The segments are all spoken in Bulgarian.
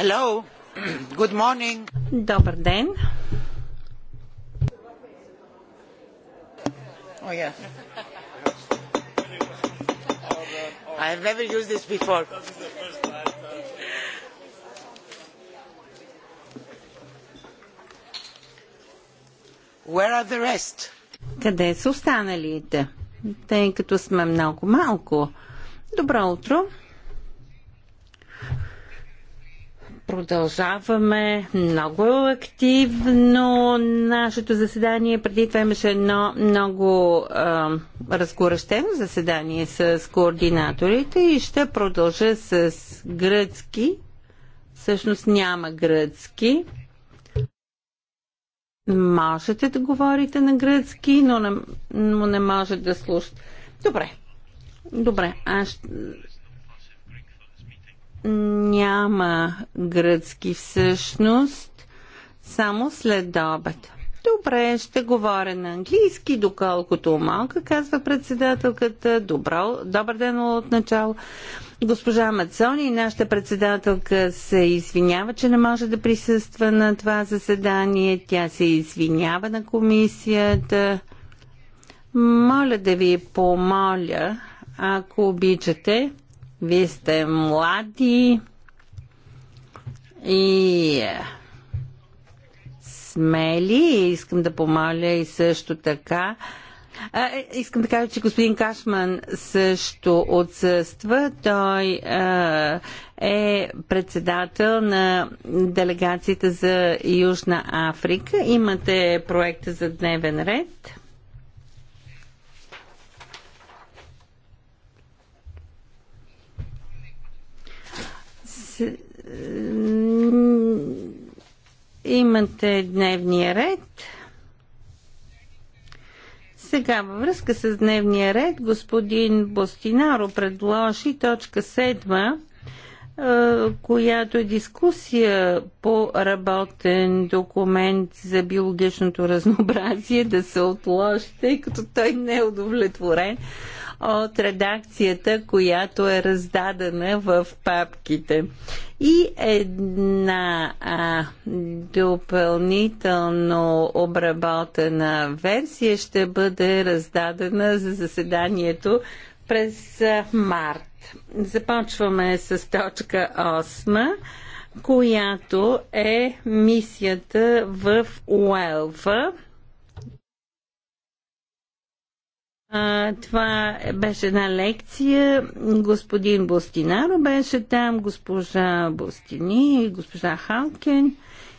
Hello. Good morning. Добър ден. Oh, yeah. I have never used this before. Where are the rest? Къде са останалите? Тъй като сме много малко. Добро утро. Продължаваме много активно нашето заседание. Преди това имаше едно много а, разгорещено заседание с координаторите и ще продължа с гръцки. Всъщност няма гръцки. Можете да говорите на гръцки, но не, но не може да слушате. Добре. Добре, аз няма гръцки всъщност, само след обед. Добре, ще говоря на английски, доколкото малка, казва председателката. Добро, добър ден от начало. Госпожа Мацони, нашата председателка, се извинява, че не може да присъства на това заседание. Тя се извинява на комисията. Моля да ви помоля, ако обичате, вие сте млади и смели. искам да помоля и също така. А, е, искам да кажа, че господин Кашман също отсъства. Той а, е председател на делегацията за Южна Африка. Имате проекта за дневен ред. Е, имате дневния ред. Сега във връзка с дневния ред господин Бостинаро предложи точка 7, е, която е дискусия по работен документ за биологичното разнообразие да се отложи, тъй като той не е удовлетворен от редакцията, която е раздадена в папките. И една а, допълнително обработена версия ще бъде раздадена за заседанието през март. Започваме с точка 8 която е мисията в Уелфа. това беше една лекция. Господин Бостинаро беше там, госпожа Бостини и госпожа Халкен.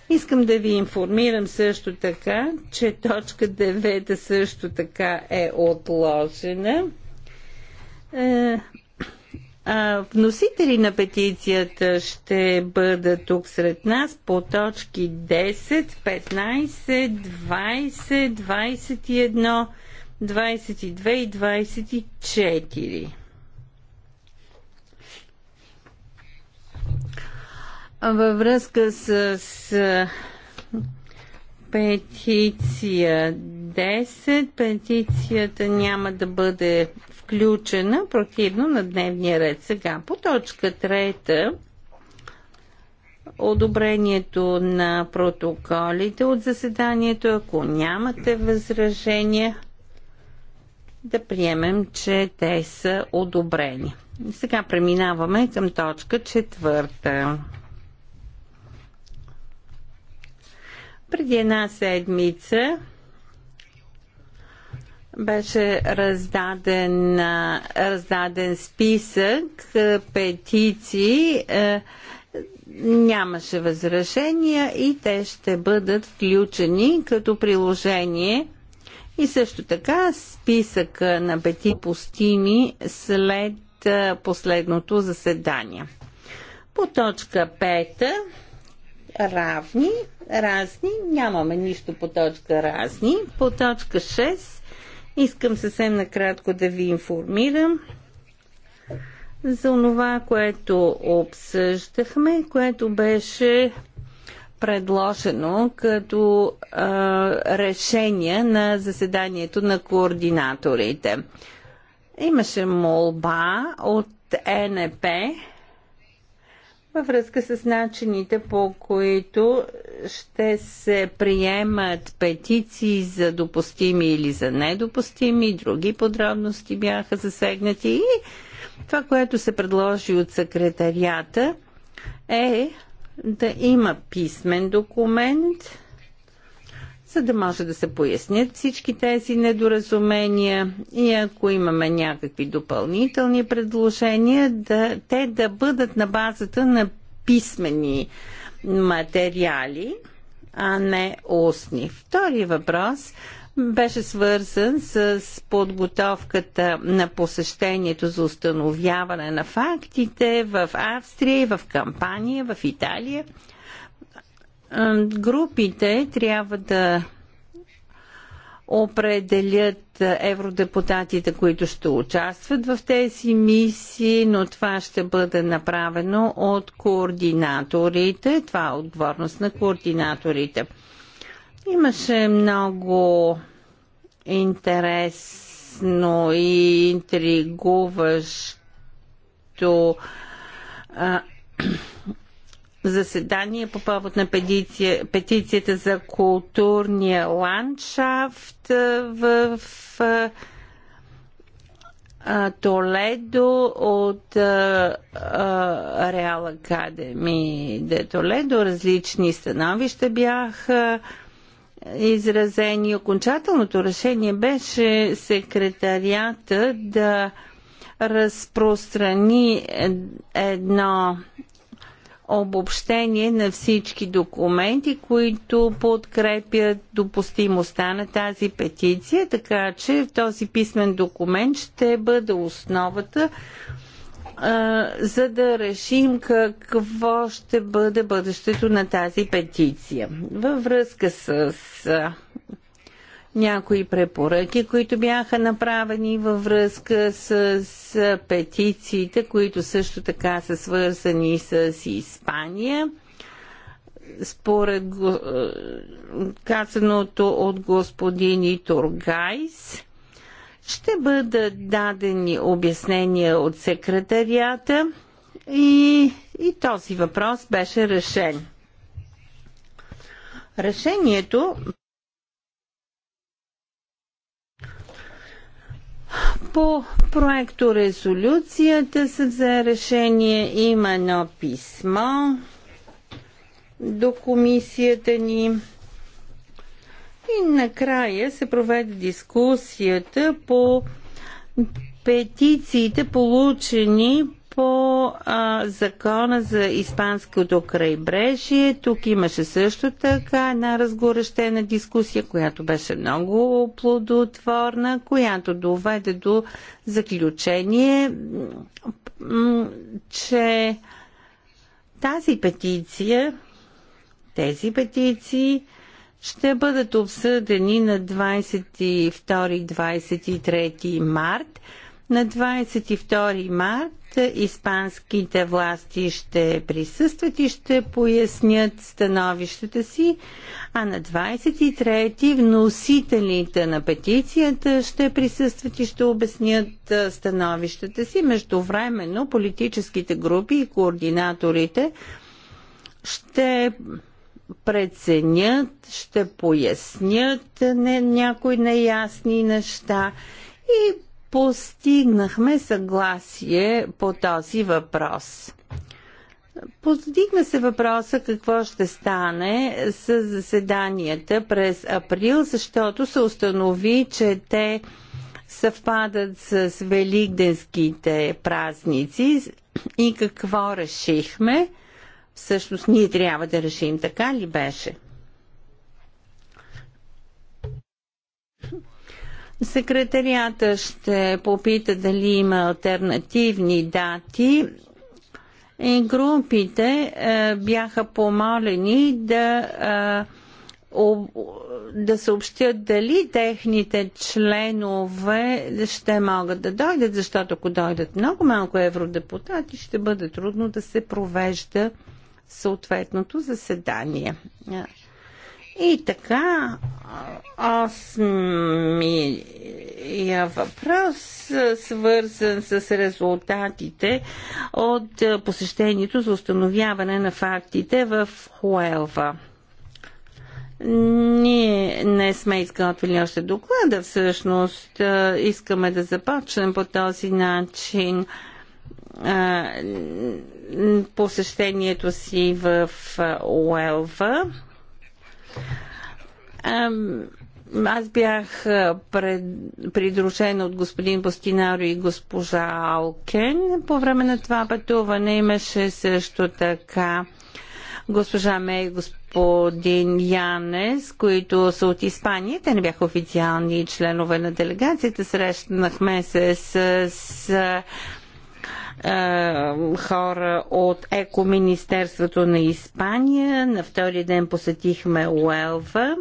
Искам да ви информирам също така, че точка 9 също така е отложена. Е, а, вносители на петицията ще бъдат тук сред нас по точки 10, 15, 20, 21, 22 и 24. Във връзка с, с петиция 10, петицията няма да бъде включена противно на дневния ред. Сега по точка 3 одобрението на протоколите от заседанието. Ако нямате възражения, да приемем, че те са одобрени. Сега преминаваме към точка четвърта. Преди една седмица беше раздаден, раздаден списък петиции. Нямаше възражения и те ще бъдат включени като приложение и също така списък на пети пустими след последното заседание. По точка 5 равни, разни, нямаме нищо по точка разни. По точка 6 искам съвсем накратко да ви информирам за това, което обсъждахме, което беше предложено като а, решение на заседанието на координаторите. Имаше молба от НП във връзка с начините по които ще се приемат петиции за допустими или за недопустими, други подробности бяха засегнати и това, което се предложи от секретарията е да има писмен документ, за да може да се пояснят всички тези недоразумения и ако имаме някакви допълнителни предложения, да, те да бъдат на базата на писмени материали, а не устни. Втори въпрос – беше свързан с подготовката на посещението за установяване на фактите в Австрия, в Кампания, в Италия. Групите трябва да определят евродепутатите, които ще участват в тези мисии, но това ще бъде направено от координаторите. Това е отговорност на координаторите. Имаше много интересно и интригуващо а, заседание по повод на петиция, петицията за културния ландшафт в, в Толедо от Реал Академи де Толедо. Различни становища бяха изразени. Окончателното решение беше секретарията да разпространи едно обобщение на всички документи, които подкрепят допустимостта на тази петиция, така че този писмен документ ще бъде основата за да решим какво ще бъде бъдещето на тази петиция. Във връзка с някои препоръки, които бяха направени във връзка с, с петициите, които също така са свързани с Испания. Според казаното от господин Тургайс, ще бъдат дадени обяснения от секретарията и, и този въпрос беше решен. Решението По проекто резолюцията се взе решение. Има едно писмо до комисията ни. И накрая се проведе дискусията по петициите, получени по а, закона за Испанското крайбрежие. Тук имаше също така една разгорещена дискусия, която беше много плодотворна, която доведе до заключение, че тази петиция, тези петиции, ще бъдат обсъдени на 22-23 март. На 22 март испанските власти ще присъстват и ще пояснят становищата си, а на 23 вносителите на петицията ще присъстват и ще обяснят становищата си. Междувременно политическите групи и координаторите ще преценят, ще пояснят не, някои неясни неща и постигнахме съгласие по този въпрос. Подигна се въпроса какво ще стане с заседанията през април, защото се установи, че те съвпадат с великденските празници и какво решихме – всъщност ние трябва да решим. Така ли беше? Секретарията ще попита дали има альтернативни дати и групите е, бяха помолени да, е, о, да съобщят дали техните членове ще могат да дойдат, защото ако дойдат много малко евродепутати, ще бъде трудно да се провежда съответното заседание. И така, осмия въпрос, свързан с резултатите от е, посещението за установяване на фактите в Хуелва. Ние не сме изготвили още доклада, всъщност е, искаме да започнем по този начин посещението си в Уелва. Аз бях пред, придружена от господин Бостинаро и госпожа Алкен. По време на това пътуване имаше също така госпожа Мей и господин Янес, които са от Испания. Те не бяха официални членове на делегацията. Срещнахме се с, с е, хора от Екоминистерството на Испания. На втори ден посетихме Уелва.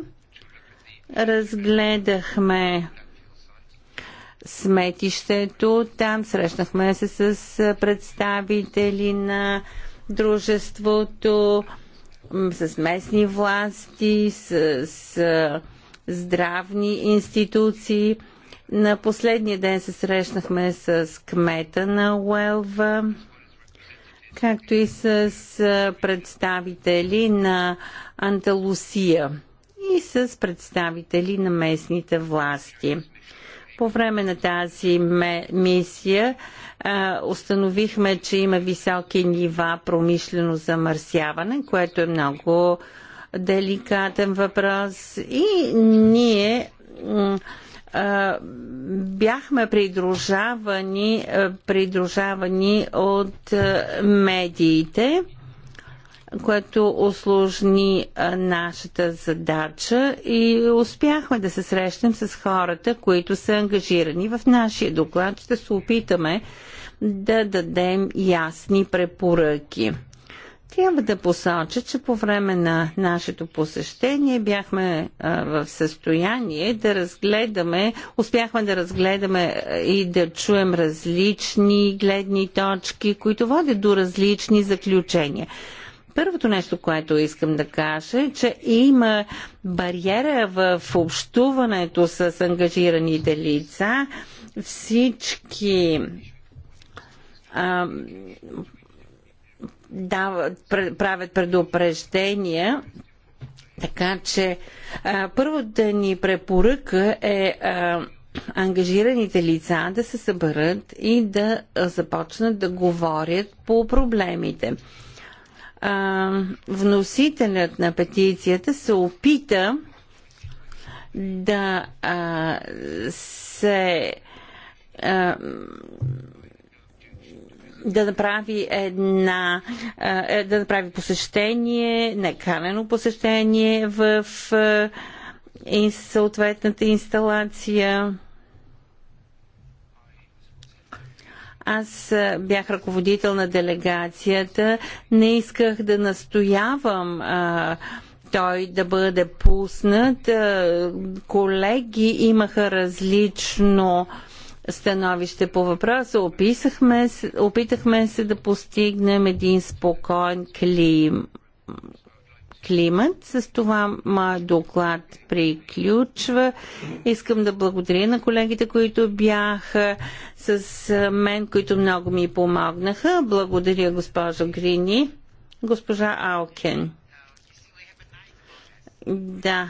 Разгледахме сметището. Там срещнахме се с представители на дружеството, с местни власти, с, с здравни институции. На последния ден се срещнахме с кмета на Уелва, както и с представители на Анталусия и с представители на местните власти. По време на тази мисия а, установихме, че има високи нива промишлено замърсяване, което е много деликатен въпрос и ние бяхме придружавани, придружавани от медиите, което осложни нашата задача и успяхме да се срещнем с хората, които са ангажирани. В нашия доклад ще се опитаме да дадем ясни препоръки. Трябва да посоча, че по време на нашето посещение бяхме а, в състояние да разгледаме, успяхме да разгледаме и да чуем различни гледни точки, които водят до различни заключения. Първото нещо, което искам да кажа, е, че има бариера в общуването с ангажираните лица. Всички а, дават, правят предупреждения. Така че първата ни препоръка е а, ангажираните лица да се съберат и да започнат да говорят по проблемите. А, вносителят на петицията се опита да а, се а, да направи една, е, е, да направи посещение, неканено посещение в е, съответната инсталация. аз бях ръководител на делегацията, не исках да настоявам а, той да бъде пуснат. А, колеги имаха различно а, становище по въпроса. Описахме, опитахме се да постигнем един спокоен клим, климат. С това моят доклад приключва. Искам да благодаря на колегите, които бяха с мен, които много ми помогнаха. Благодаря госпожо Грини, госпожа Алкен. Да.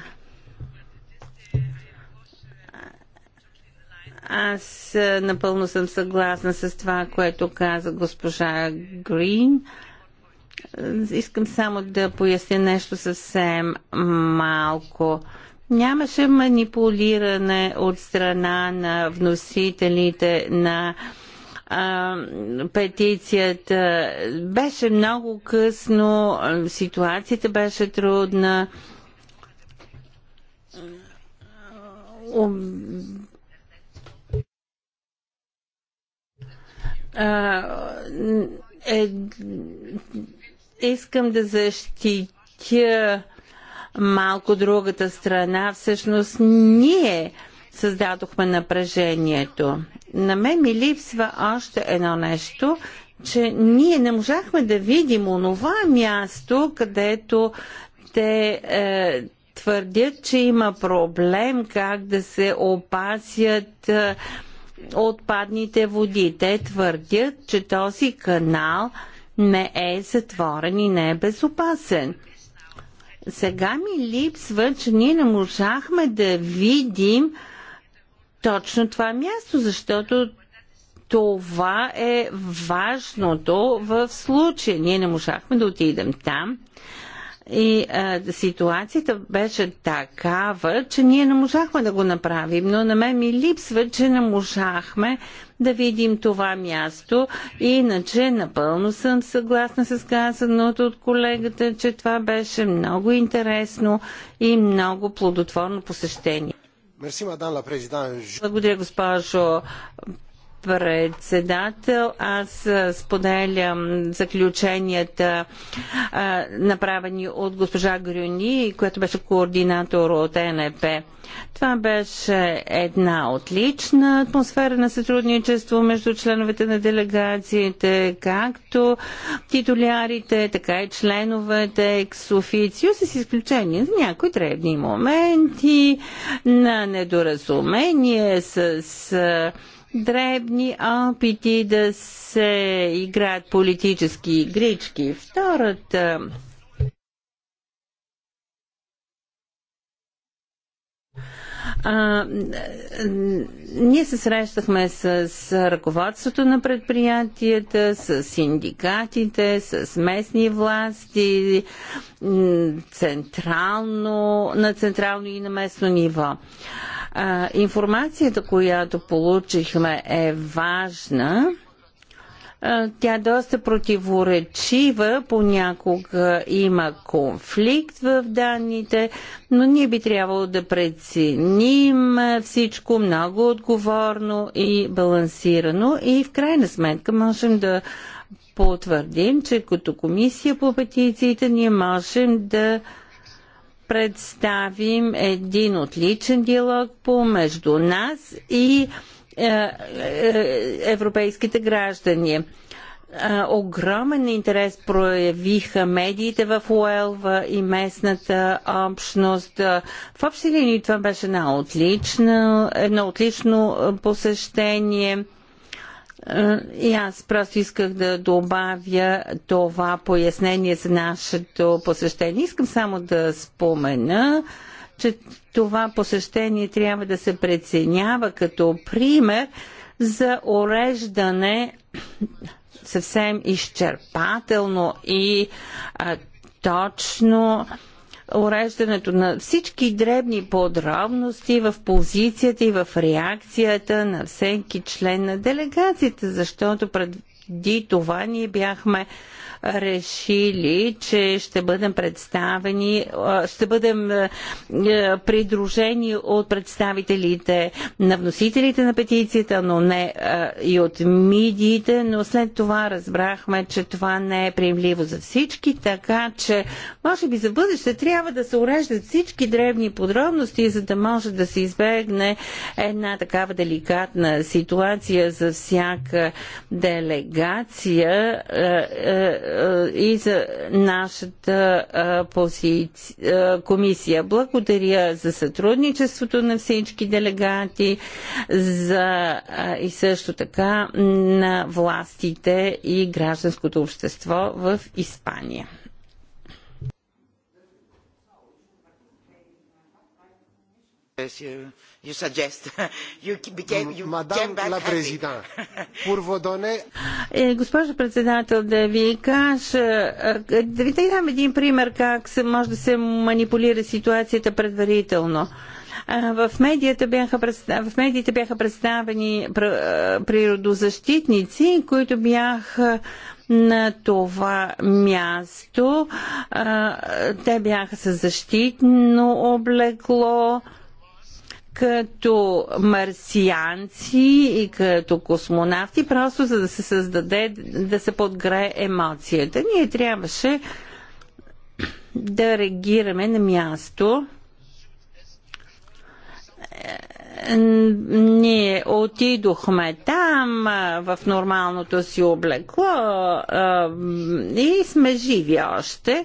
Аз е, напълно съм съгласна с това, което каза госпожа Грин. Искам само да поясня нещо съвсем малко. Нямаше манипулиране от страна на вносителите на а, петицията. Беше много късно, ситуацията беше трудна е, искам да защитя малко другата страна. Всъщност ние създадохме напрежението. На мен ми липсва още едно нещо, че ние не можахме да видим онова място, където те е, твърдят, че има проблем как да се опасят е, отпадните води. Те твърдят, че този канал не е затворен и не е безопасен. Сега ми липсва, че ние не можахме да видим точно това място, защото това е важното в случая. Ние не можахме да отидем там, и а, ситуацията беше такава, че ние не можахме да го направим, но на мен ми липсва, че не можахме да видим това място. Иначе напълно съм съгласна с казаното от колегата, че това беше много интересно и много плодотворно посещение. Благодаря, госпожо председател. Аз споделям заключенията, направени от госпожа Грюни, която беше координатор от НП. Това беше една отлична атмосфера на сътрудничество между членовете на делегациите, както титулярите, така и членовете, ексофицио, с изключение за някои древни моменти на недоразумение с дребни опити да се играят политически игрички. Втората А, ние се срещахме с, с ръководството на предприятията, с синдикатите, с местни власти, централно, на централно и на местно ниво. А, а, информацията, която получихме е важна. тя е доста противоречива, понякога има конфликт в данните, но ние би трябвало да преценим всичко много отговорно и балансирано и в крайна сметка можем да потвърдим, че като комисия по петициите ние можем да представим един отличен диалог помежду нас и е, е, европейските граждани. Е, огромен интерес проявиха медиите в Уелва и местната общност. В общи линии това беше едно отлично посещение е, и аз просто исках да добавя това пояснение за нашето посещение. Искам само да спомена, че това посещение трябва да се преценява като пример за уреждане съвсем изчерпателно и а, точно уреждането на всички дребни подробности в позицията и в реакцията на всеки член на делегацията, защото преди това ние бяхме решили, че ще бъдем представени, ще бъдем е, придружени от представителите на вносителите на петицията, но не и от мидиите, но след това разбрахме, че това не е приемливо за всички, така че може би за бъдеще трябва да се уреждат всички древни подробности, за да може да се избегне една такава деликатна ситуация за всяка делегация и за нашата комисия. Благодаря за сътрудничеството на всички делегати за, и също така на властите и гражданското общество в Испания. Е, госпожо председател, да ви кажа, е, да ви дам един пример как може да се манипулира ситуацията предварително. Е, в медиите бяха, в медиите бяха представени природозащитници, които бяха на това място. Те бяха със защитно облекло като марсианци и като космонавти, просто за да се създаде, да се подгрее емоцията. Ние трябваше да реагираме на място. Ние отидохме там в нормалното си облекло и сме живи още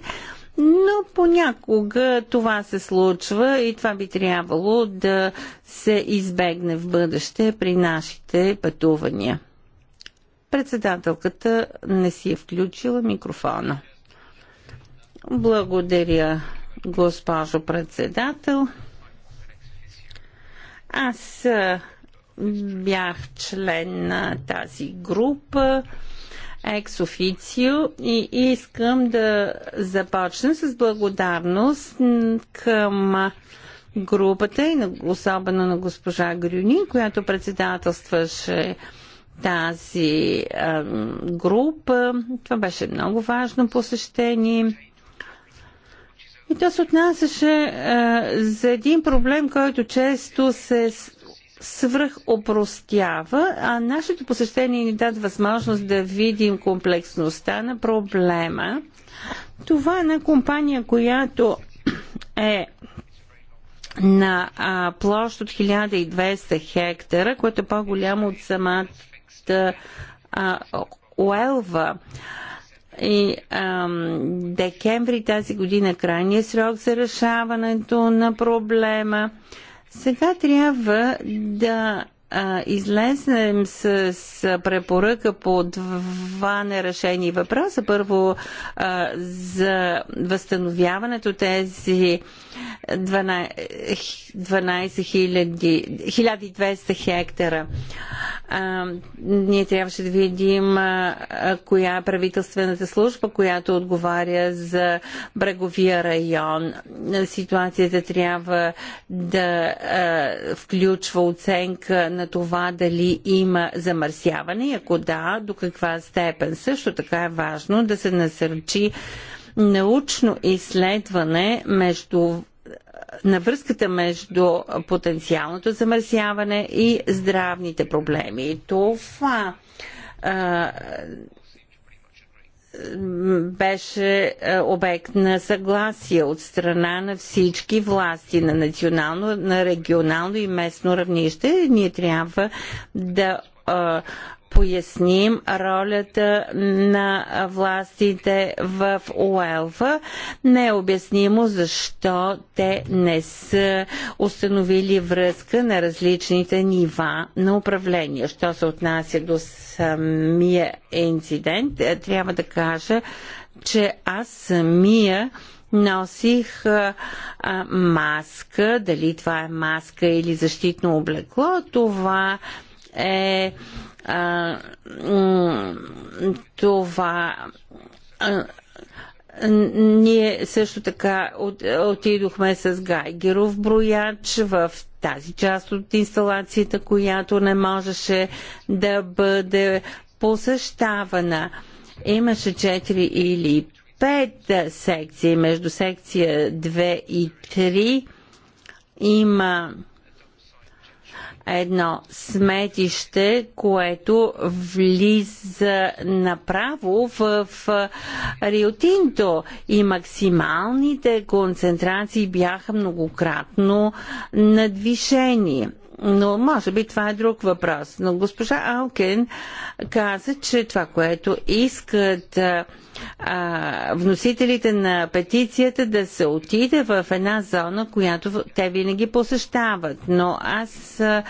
но понякога това се случва и това би трябвало да се избегне в бъдеще при нашите пътувания. Председателката не си е включила микрофона. Благодаря, госпожо председател. Аз бях член на тази група екс-официо и искам да започна с благодарност към групата и особено на госпожа Грюни, която председателстваше тази група. Това беше много важно посещение. И то се отнасяше за един проблем, който често се свръхопростява, а нашето посещение ни даде възможност да видим комплексността на проблема. Това е една компания, която е на площ от 1200 хектара, което е по-голямо от самата Уелва. И ам, декември тази година е крайния срок за решаването на проблема. Сега трябва да излезнем с, с препоръка по два нерешени въпроса. Първо, а, за възстановяването тези 12, 12 1200 хектара. А, ние трябваше да видим а, коя е правителствената служба, която отговаря за бреговия район. Ситуацията трябва да а, включва оценка на на това дали има замърсяване и ако да, до каква степен. Също така е важно да се насърчи научно изследване между на връзката между потенциалното замърсяване и здравните проблеми. Това беше е, обект на съгласие от страна на всички власти на национално, на регионално и местно равнище. Ние трябва да е, поясним ролята на властите в Уелфа. Не е обяснимо защо те не са установили връзка на различните нива на управление. Що се отнася до самия инцидент, е, трябва да кажа, че аз самия носих а, маска, дали това е маска или защитно облекло, това е а, това а, ние също така от, отидохме с Гайгеров брояч в тази част от инсталацията, която не можеше да бъде посещавана. Имаше 4 или 5 секции. Между секция 2 и 3 има едно сметище, което влиза направо в, Риотинто и максималните концентрации бяха многократно надвишени но може би това е друг въпрос. Но госпожа Алкен каза, че това, което искат а, а, вносителите на петицията да се отиде в една зона, която те винаги посещават. Но аз а,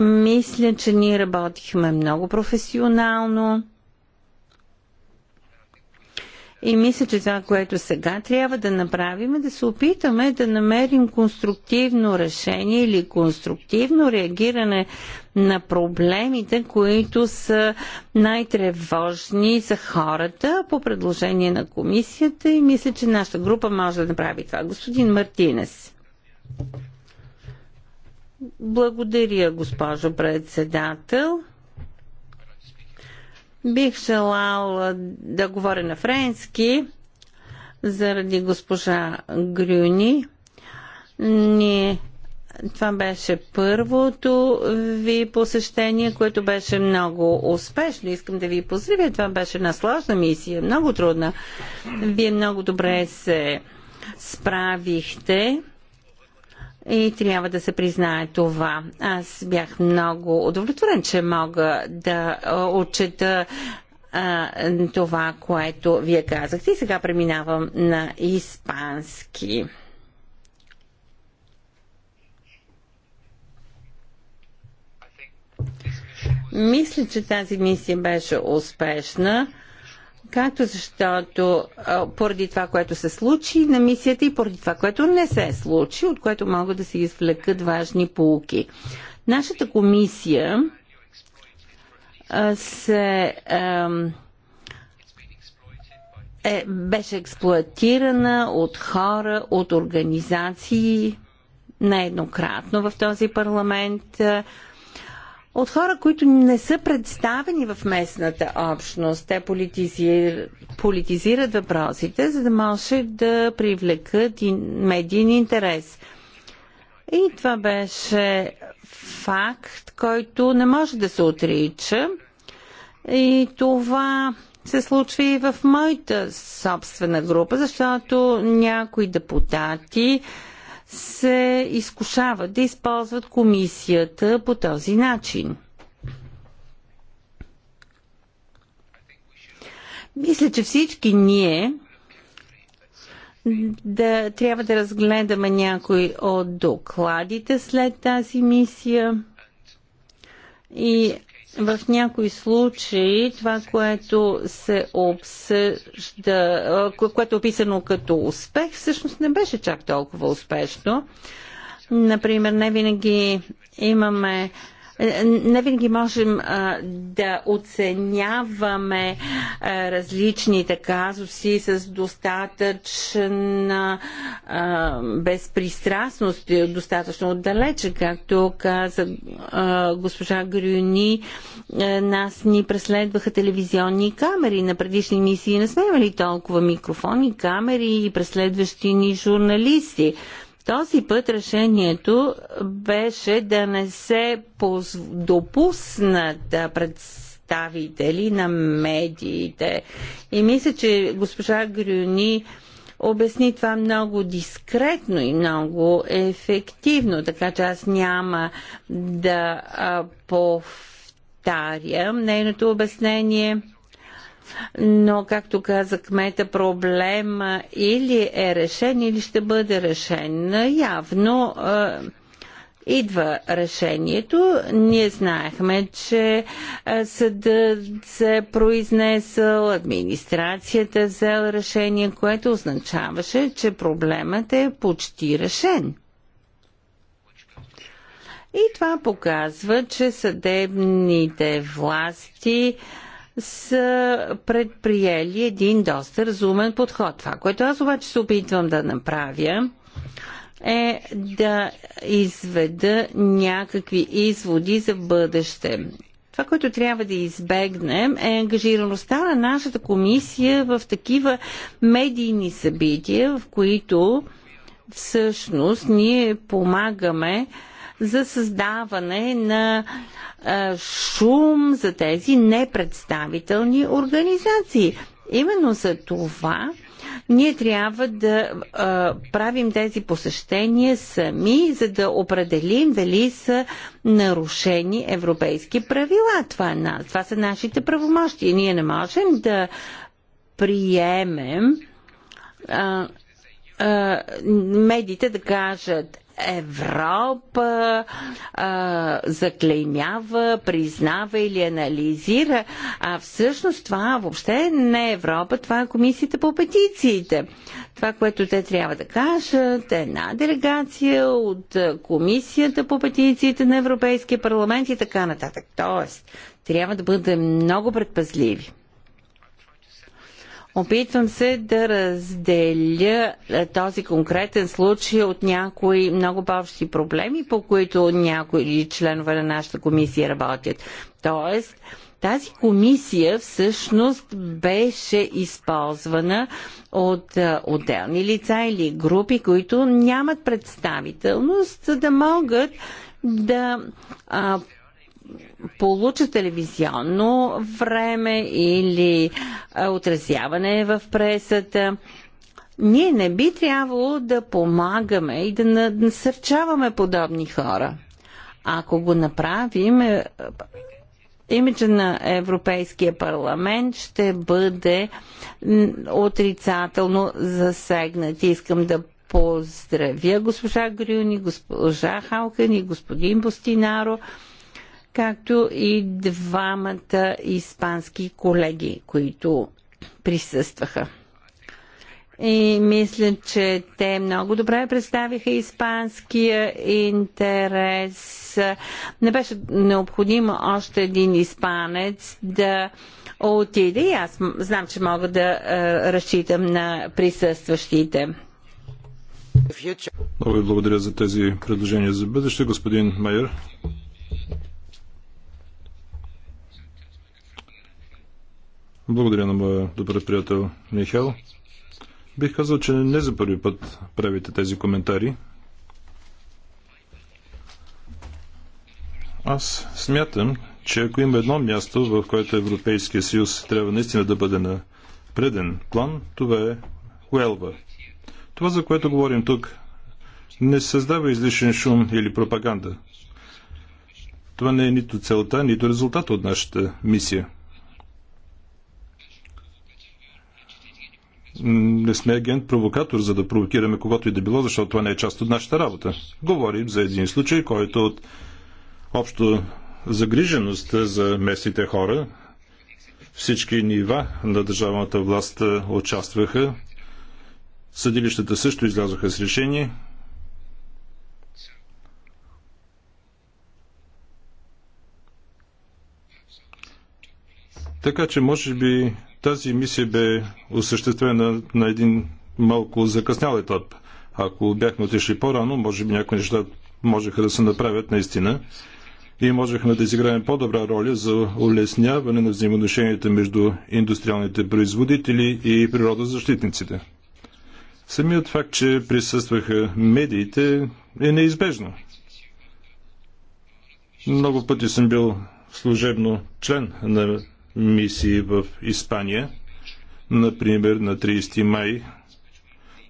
мисля, че ние работихме много професионално и мисля, че това, което сега трябва да направим е да се опитаме да намерим конструктивно решение или конструктивно реагиране на проблемите, които са най-тревожни за хората по предложение на комисията и мисля, че нашата група може да направи това. Господин Мартинес. Благодаря, госпожо председател. Бих желал да говоря на френски заради госпожа Грюни. Ни, това беше първото ви посещение, което беше много успешно. Искам да ви поздравя. Това беше една сложна мисия, много трудна. Вие много добре се справихте и трябва да се признае това. Аз бях много удовлетворен, че мога да отчета това, което вие казахте. И сега преминавам на испански. Мисля, че тази мисия беше успешна както защото поради това, което се случи на мисията и поради това, което не се е случи, от което могат да се извлекат важни полуки. Нашата комисия се е, беше експлуатирана от хора, от организации нееднократно в този парламент от хора, които не са представени в местната общност. Те политизир... политизират въпросите, за да може да привлекат и медиен интерес. И това беше факт, който не може да се отрича. И това се случва и в моята собствена група, защото някои депутати се изкушават да използват комисията по този начин. Мисля, че всички ние да трябва да разгледаме някой от докладите след тази мисия и в някои случаи това, което се обсъжда, което е описано като успех, всъщност не беше чак толкова успешно. Например, не винаги имаме е, не винаги можем а, да оценяваме а, различните казуси с достатъчна а, безпристрастност, достатъчно отдалече, както каза а, госпожа Грюни, а, нас ни преследваха телевизионни камери. На предишни мисии не сме имали толкова микрофони, камери и преследващи ни журналисти. А, този път решението беше да не се допуснат представители на медиите. И мисля, че госпожа Грюни обясни това много дискретно и много ефективно, така че аз няма да повтарям нейното обяснение но, както каза кмета, проблема или е решен, или ще бъде решен. Явно идва решението. Ние знаехме, че съдът се е произнесъл, администрацията е взела решение, което означаваше, че проблемът е почти решен. И това показва, че съдебните власти а, са предприели един доста разумен подход. Това, което аз обаче се опитвам да направя, е да изведа някакви изводи за бъдеще. Това, което трябва да избегнем е ангажираността на нашата комисия в такива медийни събития, в които всъщност ние помагаме за създаване на а, шум за тези непредставителни организации. Именно за това ние трябва да а, правим тези посещения сами, за да определим дали са нарушени европейски правила. Това, е, това са нашите правомощи. ние не можем да приемем а, а, медиите да кажат Европа а, заклеймява, признава или анализира, а всъщност това въобще не е Европа, това е комисията по петициите. Това, което те трябва да кажат, е една делегация от комисията по петициите на Европейския парламент и така нататък. Тоест, трябва да бъдем много предпазливи. Опитвам се да разделя е, този конкретен случай от някои много по-общи проблеми, по които някои членове на нашата комисия работят. Тоест, тази комисия всъщност беше използвана от е, отделни лица или групи, които нямат представителност, за да могат да а, получат телевизионно време или отразяване в пресата. Ние не би трябвало да помагаме и да насърчаваме подобни хора. Ако го направим, е, имиджа на Европейския парламент ще бъде отрицателно засегнат. Искам да поздравя госпожа Грюни, госпожа Халкан и господин Бостинаро както и двамата испански колеги, които присъстваха. И мисля, че те много добре представиха испанския интерес. Не беше необходимо още един испанец да отиде. И аз знам, че мога да разчитам на присъстващите. Много ви благодаря за тези предложения за бъдеще, господин Майер. Благодаря на моя добър приятел Михал. Бих казал, че не за първи път правите тези коментари. Аз смятам, че ако има едно място, в което Европейския съюз трябва наистина да бъде на преден план, това е Уелва. Това, за което говорим тук, не създава излишен шум или пропаганда. Това не е нито целта, нито резултат от нашата мисия – не сме агент-провокатор, за да провокираме когато и да било, защото това не е част от нашата работа. Говорим за един случай, който е от общо загриженост за местните хора, всички нива на държавната власт участваха. Съдилищата също излязоха с решение. Така че, може би, тази мисия бе осъществена на един малко закъснял етап. Ако бяхме отишли по-рано, може би някои неща можеха да се направят наистина и можехме да изиграем по-добра роля за улесняване на взаимоотношенията между индустриалните производители и природозащитниците. Самият факт, че присъстваха медиите е неизбежно. Много пъти съм бил служебно член на мисии в Испания, например на 30 май.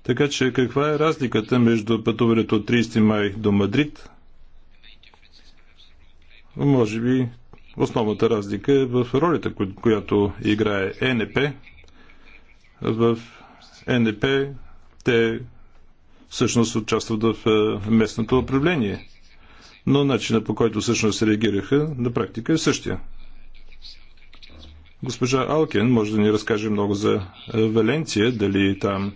Така че каква е разликата между пътуването от 30 май до Мадрид? Може би основната разлика е в ролята, която играе е НП. В е НП те всъщност участват в е, местното управление. Но начина по който всъщност реагираха на практика е същия. Госпожа Алкен може да ни разкаже много за е, Валенция, дали там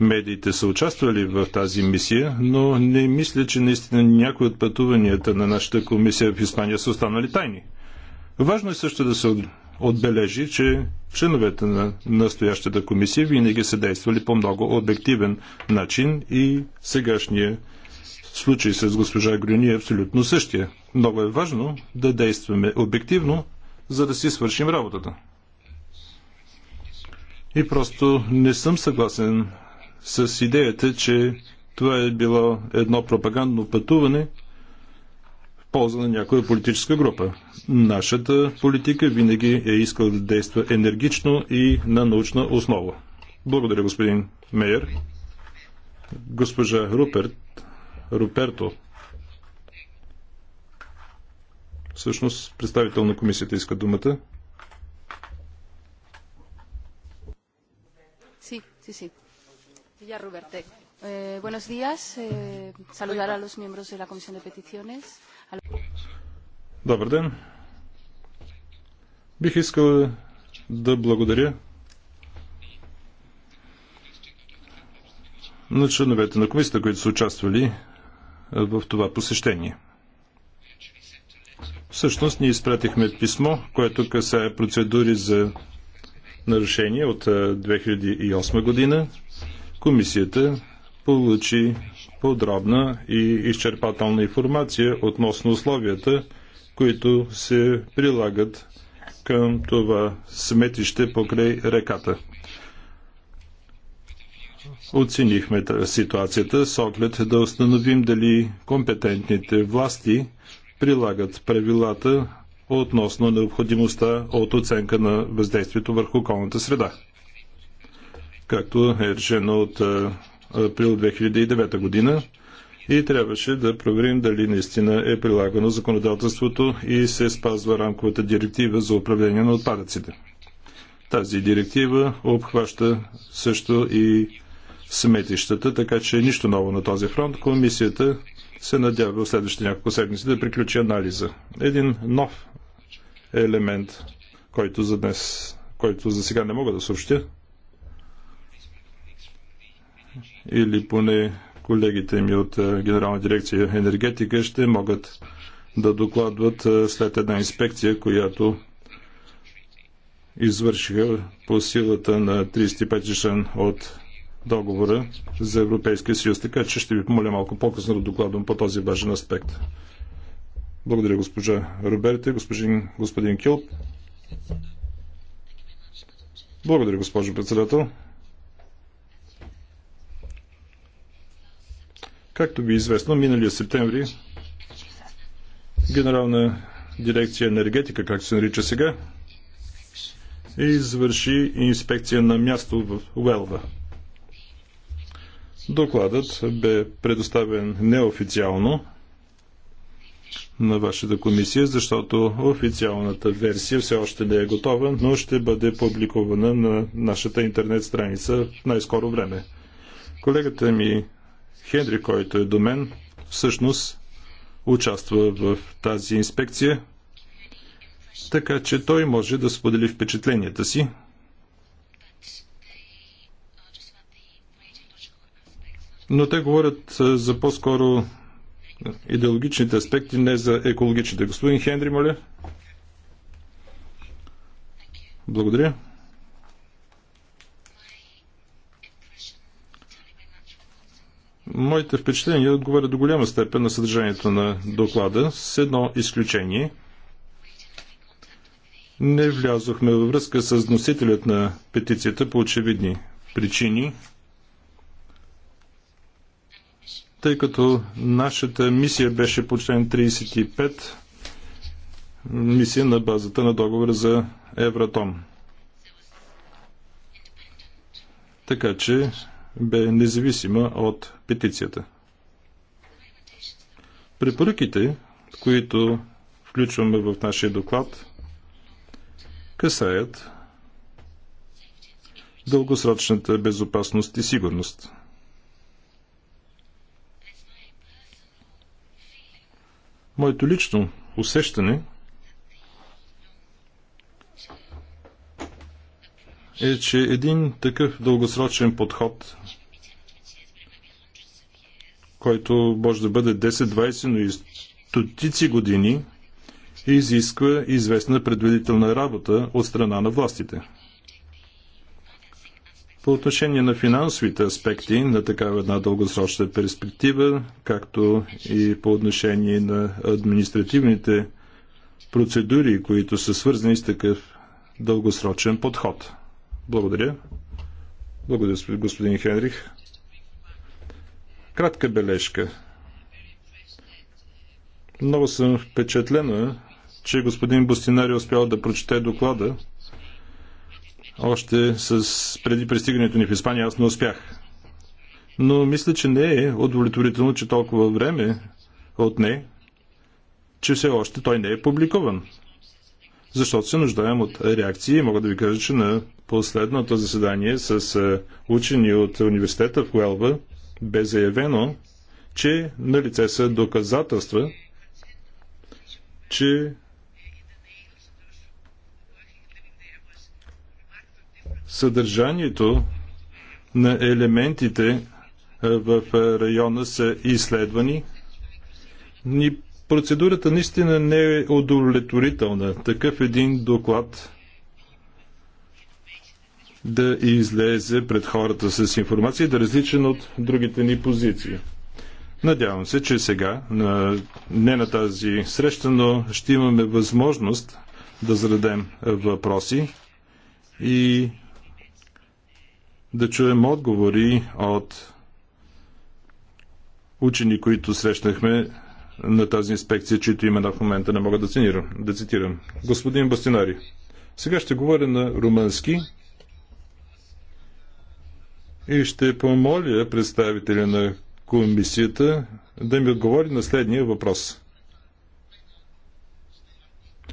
медиите са участвали в тази мисия, но не мисля, че наистина някои от пътуванията на нашата комисия в Испания са останали тайни. Важно е също да се отбележи, че членовете на настоящата комисия винаги са действали по много обективен начин и сегашния случай с госпожа Грюни е абсолютно същия. Много е важно да действаме обективно, за да си свършим работата. И просто не съм съгласен с идеята, че това е било едно пропагандно пътуване в полза на някоя политическа група. Нашата политика винаги е искала да действа енергично и на научна основа. Благодаря, господин Мейер. Госпожа Руперт, Руперто, всъщност представител на комисията иска думата. Sí, sí, sí. Villa Ruberte. Eh, buenos días. Eh, saludar a los miembros de la Comisión de Peticiones. A... Бих искал да благодаря на членовете на комисията, които са участвали в това посещение. Всъщност ние изпратихме писмо, което касае процедури за нарушение от 2008 година. Комисията получи подробна и изчерпателна информация относно условията, които се прилагат към това сметище покрай реката. Оценихме ситуацията с оглед да установим дали компетентните власти прилагат правилата относно необходимостта от оценка на въздействието върху околната среда, както е решено от е, април 2009 година и трябваше да проверим дали наистина е прилагано законодателството и се спазва рамковата директива за управление на отпадъците. Тази директива обхваща също и сметищата, така че нищо ново на този фронт. Комисията се надява в следващите няколко седмици да приключи анализа. Един нов елемент, който за днес, който за сега не мога да съобщя, или поне колегите ми от Генерална дирекция енергетика ще могат да докладват след една инспекция, която извършиха по силата на 35 член от договора за Европейския съюз. Така че ще ви помоля малко по-късно да докладвам по този важен аспект. Благодаря госпожа Роберта, господин, господин Килп. Благодаря, госпожо председател. Както ви е известно, миналия септември Генерална дирекция енергетика, както се нарича сега, извърши инспекция на място в Уелва. Докладът бе предоставен неофициално на вашата комисия, защото официалната версия все още не е готова, но ще бъде публикувана на нашата интернет страница в най-скоро време. Колегата ми Хенри, който е до мен, всъщност участва в тази инспекция, така че той може да сподели впечатленията си но те говорят за по-скоро идеологичните аспекти, не за екологичните. Господин Хендри, моля. Благодаря. Моите впечатления отговарят до голяма степен на съдържанието на доклада, с едно изключение. Не влязохме във връзка с носителят на петицията по очевидни причини – тъй като нашата мисия беше по член 35, мисия на базата на договора за Евратом. Така че бе независима от петицията. Препоръките, които включваме в нашия доклад, касаят дългосрочната безопасност и сигурност – Моето лично усещане е, че един такъв дългосрочен подход, който може да бъде 10-20, но и стотици години, изисква известна предвидителна работа от страна на властите. По отношение на финансовите аспекти на такава една дългосрочна перспектива, както и по отношение на административните процедури, които са свързани с такъв дългосрочен подход. Благодаря. Благодаря, господин Хенрих. Кратка бележка. Много съм впечатлена, че господин Бустинари е успял да прочете доклада още с преди пристигането ни в Испания аз не успях. Но мисля, че не е удовлетворително, че толкова време от не, че все още той не е публикуван. Защото се нуждаем от реакции и мога да ви кажа, че на последното заседание с е, учени от университета в Уелва бе заявено, че на лице са доказателства, че съдържанието на елементите в района са изследвани. Ни процедурата наистина не е удовлетворителна. Такъв един доклад да излезе пред хората с информация, да е различен от другите ни позиции. Надявам се, че сега, не на тази среща, но ще имаме възможност да зададем въпроси и да чуем отговори от учени, които срещнахме на тази инспекция, чието имена в момента не мога да, цитирам. да цитирам. Господин Бастинари, сега ще говоря на румънски и ще помоля представителя на комисията да ми отговори на следния въпрос.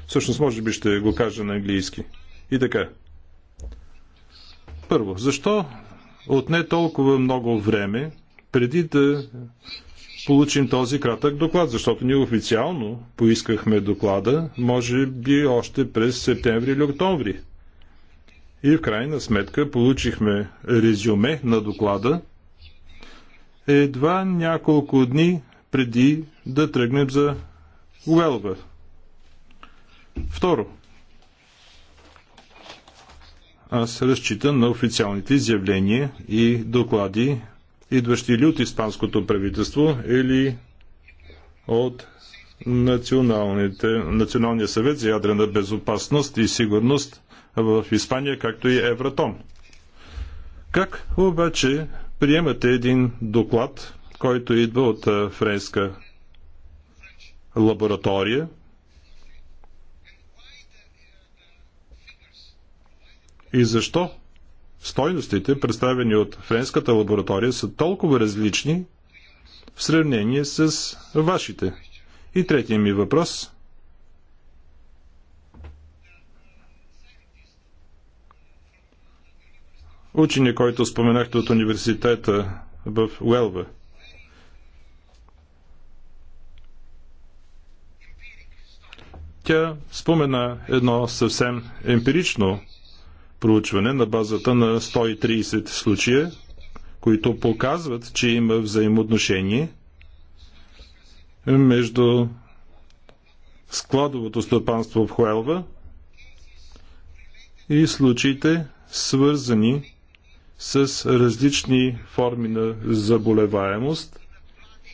Всъщност, може би ще го кажа на английски. И така. Първо, защо отне толкова много време преди да получим този кратък доклад, защото ние официално поискахме доклада, може би още през септември или октомври. И в крайна сметка получихме резюме на доклада едва няколко дни преди да тръгнем за Уелва. Второ, аз разчитам на официалните изявления и доклади, идващи ли от испанското правителство, или от Националния съвет за ядрена безопасност и сигурност в Испания, както и Евратом. Как обаче приемате един доклад, който идва от френска лаборатория, и защо стойностите, представени от френската лаборатория, са толкова различни в сравнение с вашите. И третия ми въпрос. Учени, който споменахте от университета в Уелва. Тя спомена едно съвсем емпирично проучване на базата на 130 случая, които показват, че има взаимоотношение между складовото стопанство в Хуелва и случаите свързани с различни форми на заболеваемост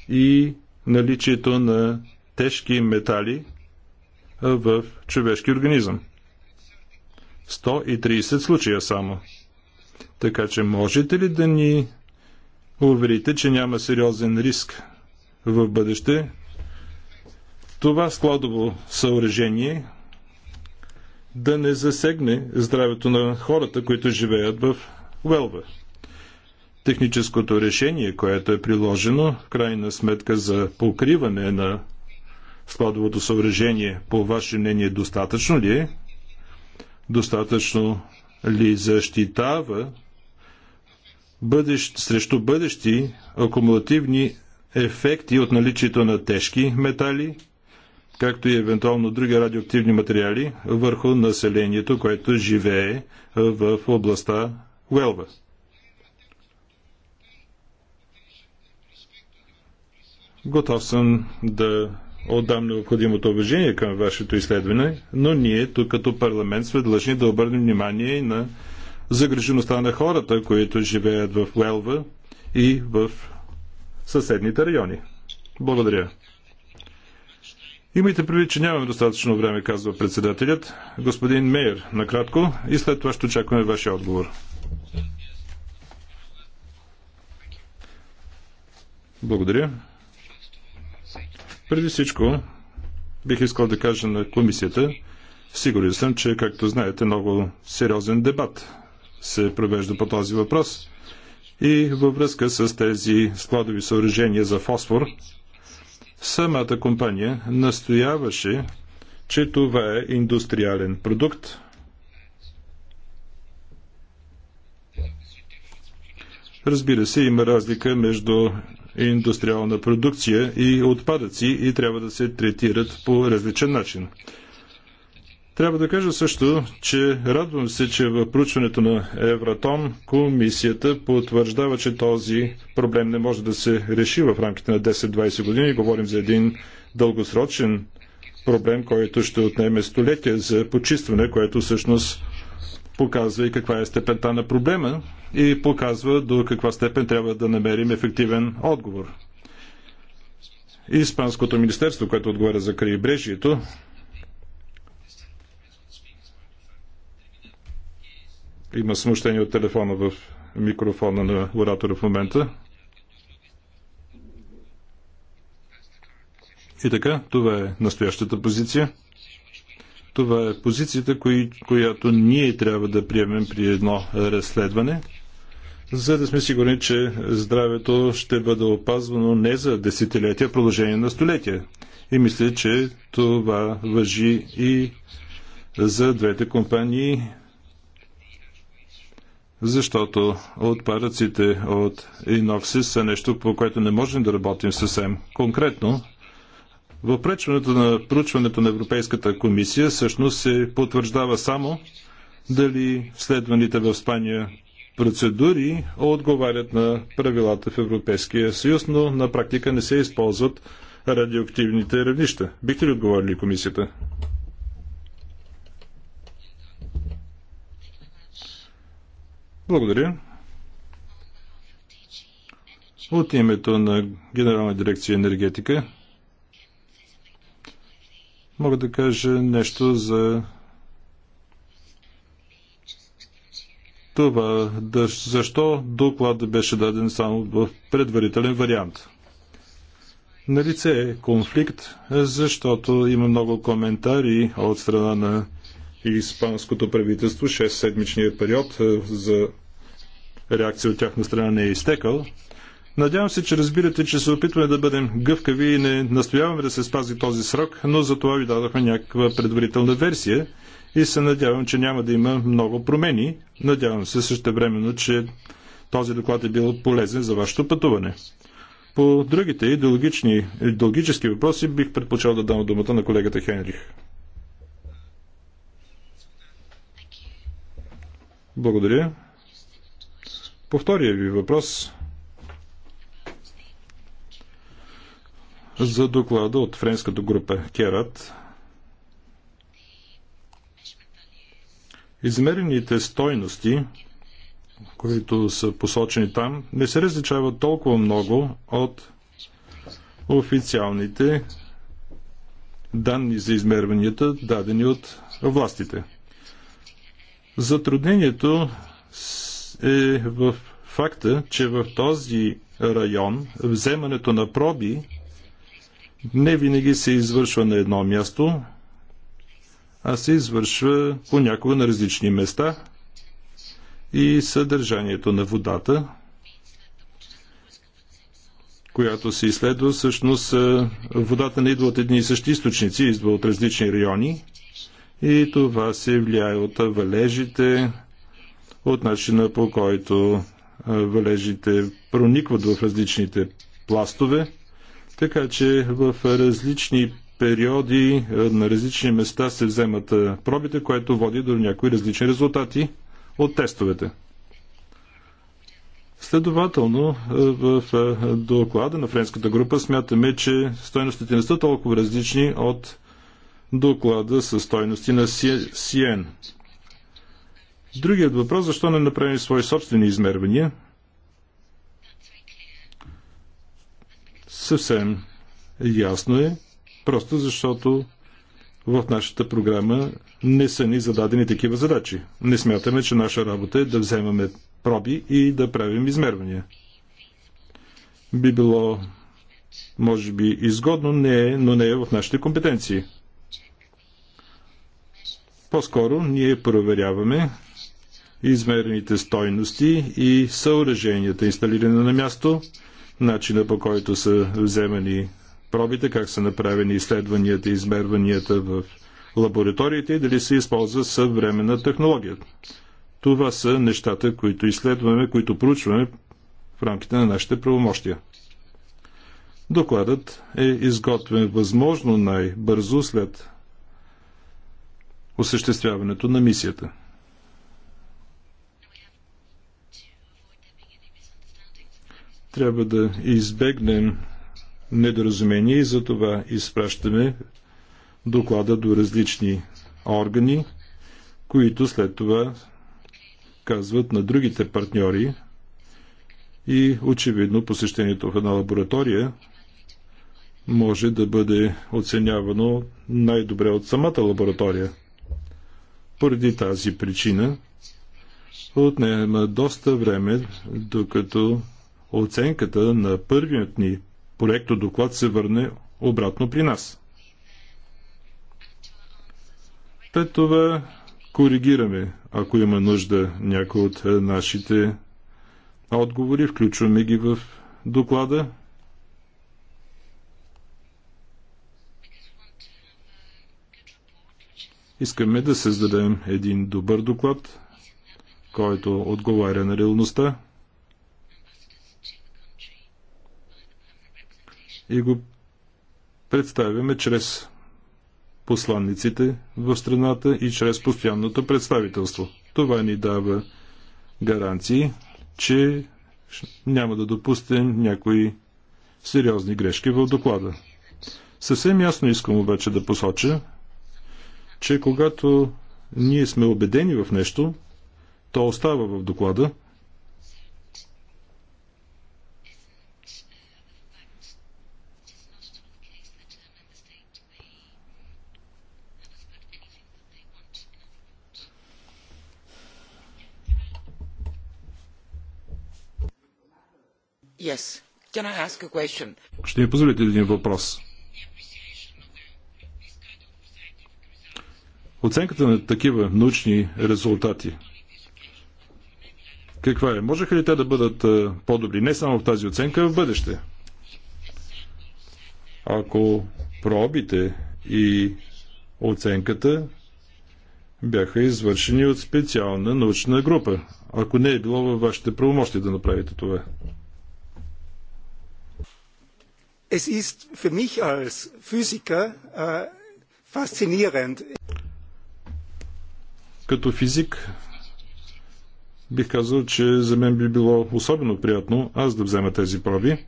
и наличието на тежки метали в човешки организъм. 130 случая само. Така че можете ли да ни уверите, че няма сериозен риск в бъдеще това складово съоръжение да не засегне здравето на хората, които живеят в Уелва? Техническото решение, което е приложено, в крайна сметка за покриване на складовото съоръжение, по ваше мнение, достатъчно ли е? достатъчно ли защитава бъдещ, срещу бъдещи акумулативни ефекти от наличието на тежки метали, както и евентуално други радиоактивни материали върху населението, което живее в областта Уелва. Готов съм да отдам необходимото уважение към вашето изследване, но ние тук като парламент сме длъжни да обърнем внимание и на загрежеността на хората, които живеят в Уелва и в съседните райони. Благодаря. Имайте предвид, че нямаме достатъчно време, казва председателят. Господин Мейер, накратко и след това ще очакваме вашия отговор. Благодаря. Преди всичко, бих искал да кажа на комисията, сигурен съм, че, както знаете, много сериозен дебат се провежда по този въпрос и във връзка с тези складови съоръжения за фосфор, самата компания настояваше, че това е индустриален продукт, Разбира се, има разлика между индустриална продукция и отпадъци и трябва да се третират по различен начин. Трябва да кажа също, че радвам се, че в проучването на Евратом комисията потвърждава, че този проблем не може да се реши в рамките на 10-20 години. Говорим за един дългосрочен проблем, който ще отнеме столетия за почистване, което всъщност показва и каква е степента на проблема и показва до каква степен трябва да намерим ефективен отговор. Испанското министерство, което отговаря за крайбрежието, има смущение от телефона в микрофона на оратора в момента. И така, това е настоящата позиция. Това е позицията, кои, която ние трябва да приемем при едно разследване, за да сме сигурни, че здравето ще бъде опазвано не за десетилетия, а продължение на столетия. И мисля, че това въжи и за двете компании, защото отпадъците от Иноксис са нещо, по което не можем да работим съвсем конкретно, в пречването на проучването на Европейската комисия всъщност се потвърждава само дали следваните в Спания процедури отговарят на правилата в Европейския съюз, но на практика не се използват радиоактивните равнища. Бихте ли отговорили комисията? Благодаря. От името на Генерална дирекция енергетика мога да кажа нещо за това, да, защо доклад беше даден само в предварителен вариант. Налице е конфликт, защото има много коментари от страна на испанското правителство. 6-седмичният период за реакция от тяхна страна не е изтекал Надявам се, че разбирате, че се опитваме да бъдем гъвкави и не настояваме да се спази този срок, но за това ви дадохме някаква предварителна версия и се надявам, че няма да има много промени. Надявам се също времено, че този доклад е бил полезен за вашето пътуване. По другите идеологични, идеологически въпроси бих предпочел да дам думата на колегата Хенрих. Благодаря. По втория ви въпрос за доклада от френската група Керат. Измерените стойности, които са посочени там, не се различават толкова много от официалните данни за измерванията, дадени от властите. Затруднението е в факта, че в този район вземането на проби не винаги се извършва на едно място, а се извършва понякога на различни места и съдържанието на водата, която се изследва, всъщност водата не идва от едни и същи източници, идва от различни райони и това се влияе от валежите, от начина по който валежите проникват в различните пластове така че в различни периоди е, на различни места се вземат е, пробите, което води до някои различни резултати от тестовете. Следователно, е, в доклада на френската група смятаме, че стойностите не са толкова различни от доклада със стойности на Сиен. Другият въпрос, защо не направим свои собствени измервания – съвсем ясно е, просто защото в нашата програма не са ни зададени такива задачи. Не смятаме, че наша работа е да вземаме проби и да правим измервания. Би било, може би, изгодно, не е, но не е в нашите компетенции. По-скоро ние проверяваме измерените стойности и съоръженията, инсталирани на място, начина по който са вземани пробите, как са направени изследванията и измерванията в лабораториите и дали се използва съвременна технология. Това са нещата, които изследваме, които проучваме в рамките на нашите правомощия. Докладът е изготвен възможно най-бързо след осъществяването на мисията. Трябва да избегнем недоразумение и затова изпращаме доклада до различни органи, които след това казват на другите партньори и очевидно посещението в една лаборатория може да бъде оценявано най-добре от самата лаборатория. Поради тази причина отнема доста време, докато оценката на първият ни проекто доклад се върне обратно при нас. Те това коригираме, ако има нужда някои от е, нашите отговори, включваме ги в доклада. Искаме да създадем един добър доклад, който отговаря на реалността. и го представяме чрез посланниците в страната и чрез постоянното представителство. Това ни дава гаранции, че няма да допустим някои сериозни грешки в доклада. Съвсем ясно искам обаче да посоча, че когато ние сме убедени в нещо, то остава в доклада Yes. Can I ask a question? Ще ми позволите един въпрос. Оценката на такива научни резултати, каква е? Можеха ли те да бъдат е, по-добри не само в тази оценка, а в бъдеще? Ако пробите и оценката бяха извършени от специална научна група, ако не е било във вашите правомощи да направите това es ist für mich als Physiker äh, faszinierend. Като физик бих казал, че за мен би било особено приятно аз да взема тези проби,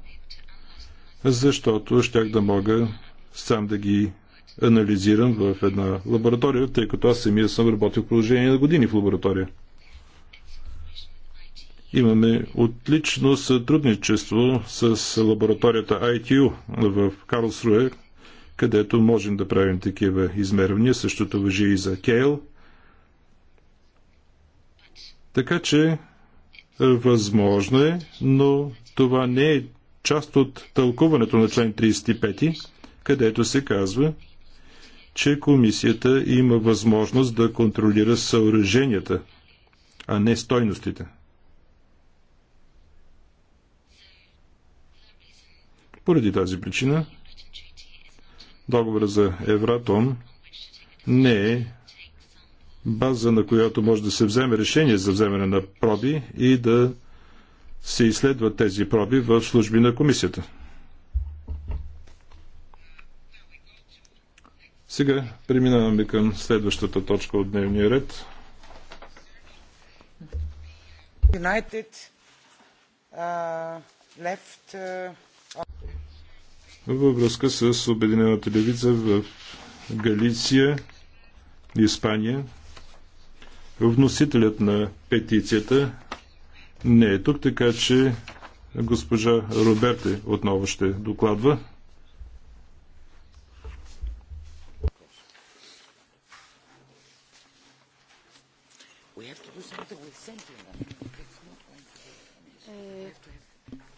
защото щях да мога сам да ги анализирам в една лаборатория, тъй като аз самия съм работил в продължение на години в лаборатория. Имаме отлично сътрудничество с лабораторията ITU в Карлсруе, където можем да правим такива измервания. Същото въжи и за Кейл. Така че възможно е, но това не е част от тълкуването на член 35, където се казва, че комисията има възможност да контролира съоръженията, а не стойностите. Поради тази причина договора за Евратом не е база, на която може да се вземе решение за вземане на проби и да се изследват тези проби в служби на комисията. Сега преминаваме към следващата точка от дневния ред. United uh, left uh във връзка с Обединената левица в Галиция, Испания. Вносителят на петицията не е тук, така че госпожа Роберте отново ще докладва.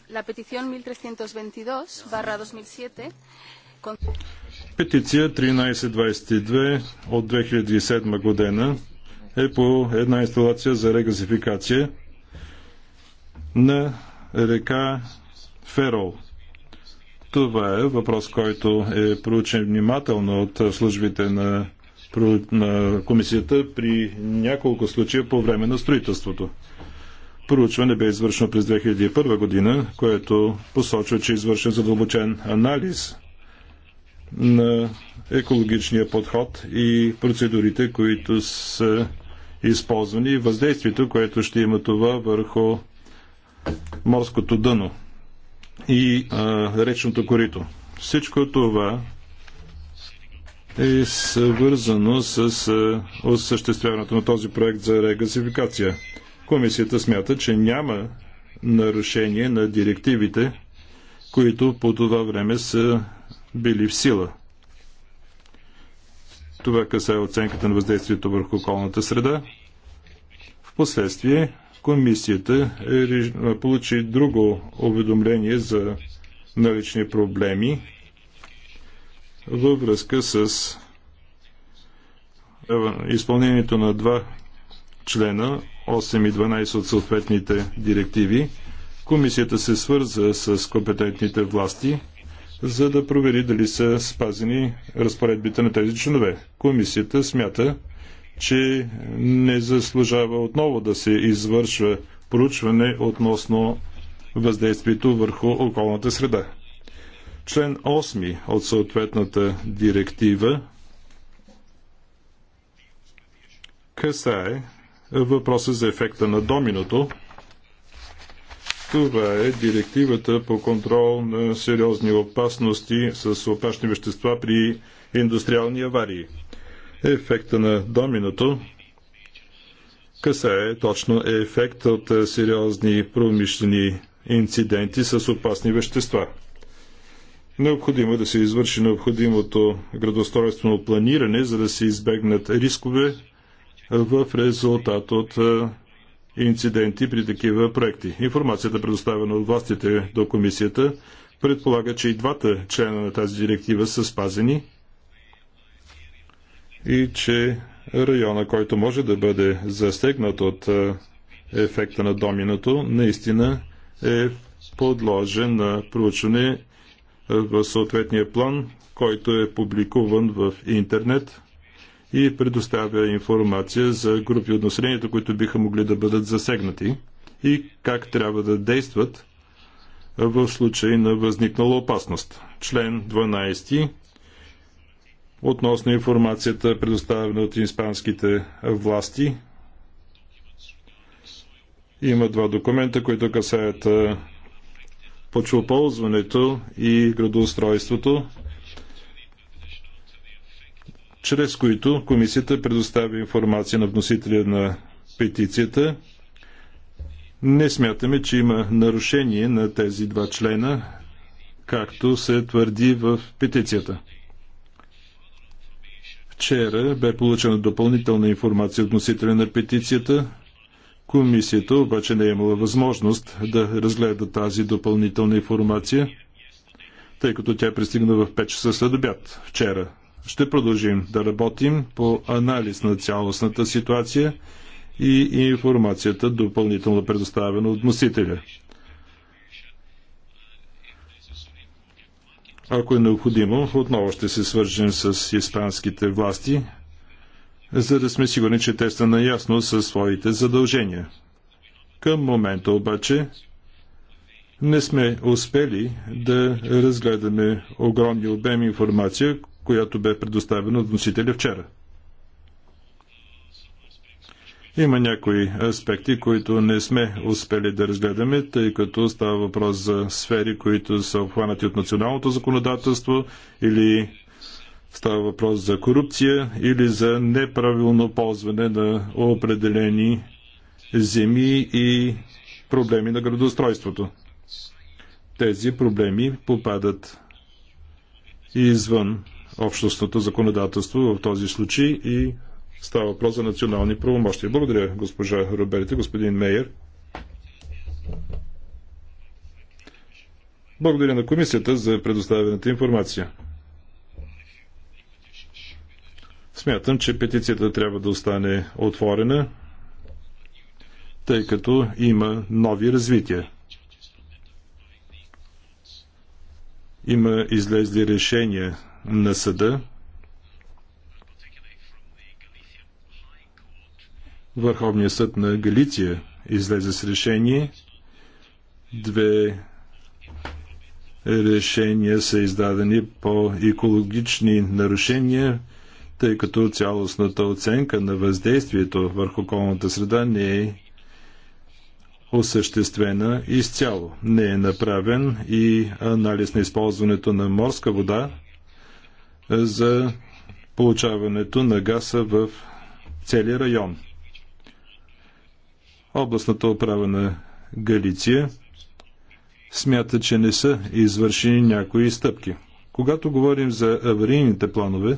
La petición 1322 2007 Петиция 1322 от 2007 година е по една инсталация за регазификация на река Ферол. Това е въпрос, който е проучен внимателно от службите на, на комисията при няколко случая по време на строителството проучване бе извършено през 2001 година, което посочва, че е извършен задълбочен анализ на екологичния подход и процедурите, които са използвани и въздействието, което ще има това върху морското дъно и а, речното корито. Всичко това е свързано с осъществяването на този проект за регасификация. Комисията смята, че няма нарушение на директивите, които по това време са били в сила. Това касае оценката на въздействието върху околната среда. Впоследствие комисията е, получи друго уведомление за налични проблеми във връзка с е, изпълнението на два члена 8 и 12 от съответните директиви, комисията се свърза с компетентните власти, за да провери дали са спазени разпоредбите на тези членове. Комисията смята, че не заслужава отново да се извършва проучване относно въздействието върху околната среда. Член 8 от съответната директива касае въпроса за ефекта на доминото. Това е директивата по контрол на сериозни опасности с опасни вещества при индустриални аварии. Ефекта на доминото касае точно ефект от сериозни промишлени инциденти с опасни вещества. Необходимо е да се извърши необходимото градостройствено планиране, за да се избегнат рискове, в резултат от е, инциденти при такива проекти. Информацията, предоставена от властите до комисията, предполага, че и двата члена на тази директива са спазени и че района, който може да бъде застегнат от е, ефекта на доминото, наистина е подложен на проучване в съответния план, който е публикуван в интернет и предоставя информация за групи от населението, които биха могли да бъдат засегнати и как трябва да действат в случай на възникнала опасност. Член 12 относно информацията, предоставена от испанските власти. Има два документа, които касаят почвоползването и градоустройството чрез които комисията предоставя информация на вносителя на петицията. Не смятаме, че има нарушение на тези два члена, както се твърди в петицията. Вчера бе получена допълнителна информация от носителя на петицията. Комисията обаче не е имала възможност да разгледа тази допълнителна информация, тъй като тя пристигна в 5 часа след обяд вчера. Ще продължим да работим по анализ на цялостната ситуация и информацията допълнително предоставена от носителя. Ако е необходимо, отново ще се свържем с испанските власти, за да сме сигурни, че те са наясно със своите задължения. Към момента обаче не сме успели да разгледаме огромни обеми информация, която бе предоставена от носителя вчера. Има някои аспекти, които не сме успели да разгледаме, тъй като става въпрос за сфери, които са обхванати от националното законодателство или става въпрос за корупция или за неправилно ползване на определени земи и проблеми на градоустройството. Тези проблеми попадат извън общностното законодателство в този случай и става въпрос за национални правомощия. Благодаря, госпожа Роберти, господин Мейер. Благодаря на комисията за предоставената информация. Смятам, че петицията трябва да остане отворена, тъй като има нови развития. Има излезли решения на съда Върховният съд на Галиция излезе с решение. Две решения са издадени по екологични нарушения, тъй като цялостната оценка на въздействието върху околната среда не е осъществена изцяло. Не е направен и анализ на използването на морска вода за получаването на гаса в целия район. Областната управа на Галиция смята, че не са извършени някои стъпки. Когато говорим за аварийните планове,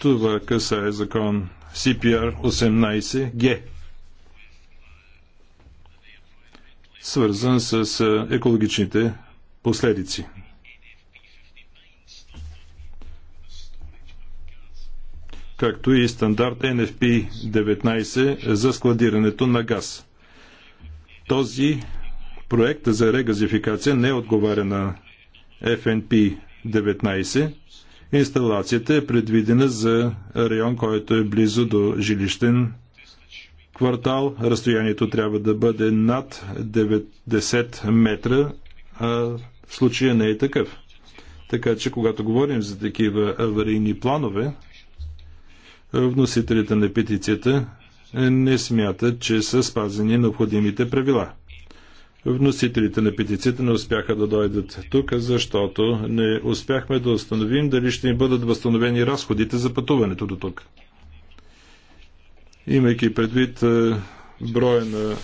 това касае закон CPR 18G. свързан с екологичните последици. както и стандарт NFP-19 за складирането на газ. Този проект за регазификация не отговаря на FNP-19. Инсталацията е предвидена за район, който е близо до жилищен квартал разстоянието трябва да бъде над 90 метра, а в случая не е такъв. Така че, когато говорим за такива аварийни планове, вносителите на петицията не смятат, че са спазени необходимите правила. Вносителите на петицията не успяха да дойдат тук, защото не успяхме да установим дали ще им бъдат възстановени разходите за пътуването до тук. Имайки предвид е, броя на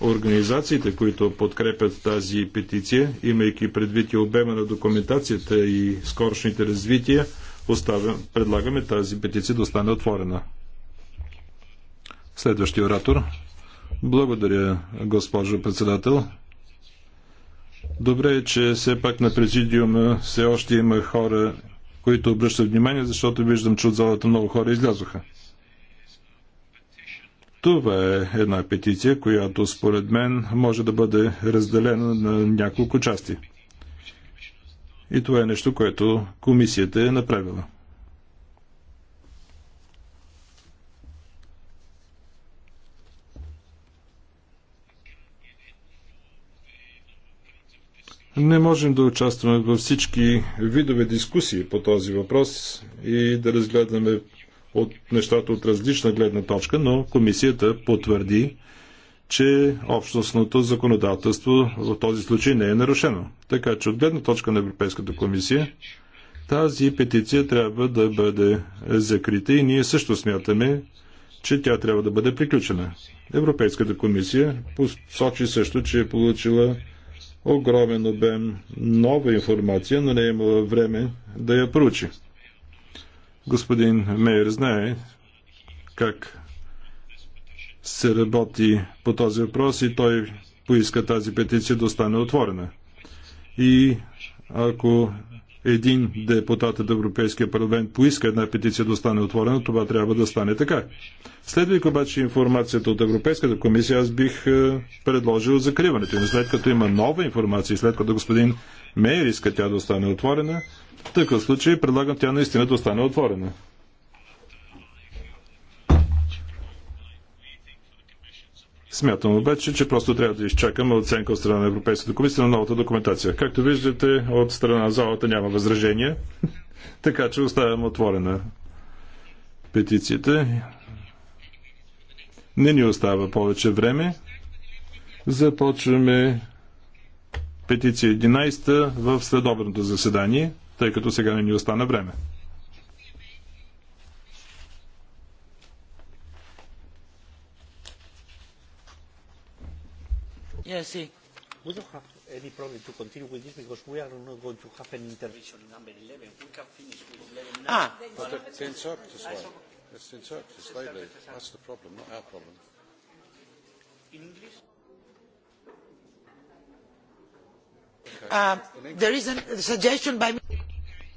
организациите, които подкрепят тази петиция, имайки предвид и обема на документацията и скорошните развития, оставя, предлагаме тази петиция да остане отворена. Следващия оратор. Благодаря, госпожо председател. Добре е, че все пак на президиума все още има хора, които обръщат внимание, защото виждам, че от залата много хора излязоха. Това е една петиция, която според мен може да бъде разделена на няколко части. И това е нещо, което комисията е направила. Не можем да участваме във всички видове дискусии по този въпрос и да разгледаме от нещата от различна гледна точка, но комисията потвърди, че общностното законодателство в този случай не е нарушено. Така че от гледна точка на Европейската комисия тази петиция трябва да бъде закрита и ние също смятаме, че тя трябва да бъде приключена. Европейската комисия посочи също, че е получила огромен обем нова информация, но не е имала време да я проучи. Господин Мейер знае как се работи по този въпрос и той поиска тази петиция да остане отворена. И ако един депутат от Европейския парламент поиска една петиция да остане отворена, това трябва да стане така. Следвайки обаче информацията от Европейската комисия, аз бих е, предложил закриването. Но след като има нова информация след като господин Мейер иска тя да остане отворена, в такъв случай предлагам тя наистина да остане отворена. Смятам обаче, че просто трябва да изчакаме оценка от страна на Европейската комисия на новата документация. Както виждате, от страна на залата няма възражения, така че оставям отворена петицията. Не ни остава повече време. Започваме петиция 11 в следобедното заседание, тъй като сега не ни остана време. Yes, see. We don't have any problem to continue with this because we are not going to have an intervention in number 11. We can finish with 11 now. Ah, but it's interpreters' way. It's interpreters, they leave. That's the problem, not our problem. In English?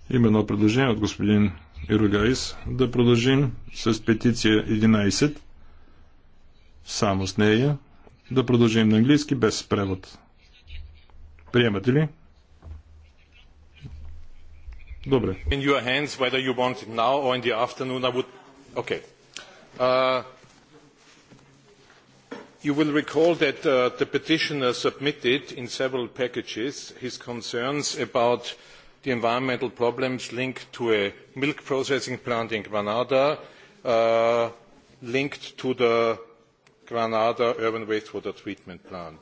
Има едно предложение от господин Иругайс да продължим с петиция 11, само с нея. Да продължим на английски без превод. Приемате ли? Добре. In your hands, whether you want it now or in the afternoon, I would... Okay. Uh, you will recall that uh, the petitioner submitted in several packages his concerns about the environmental problems linked to a milk processing plant in Granada, uh, linked to the granada urban wastewater treatment plant.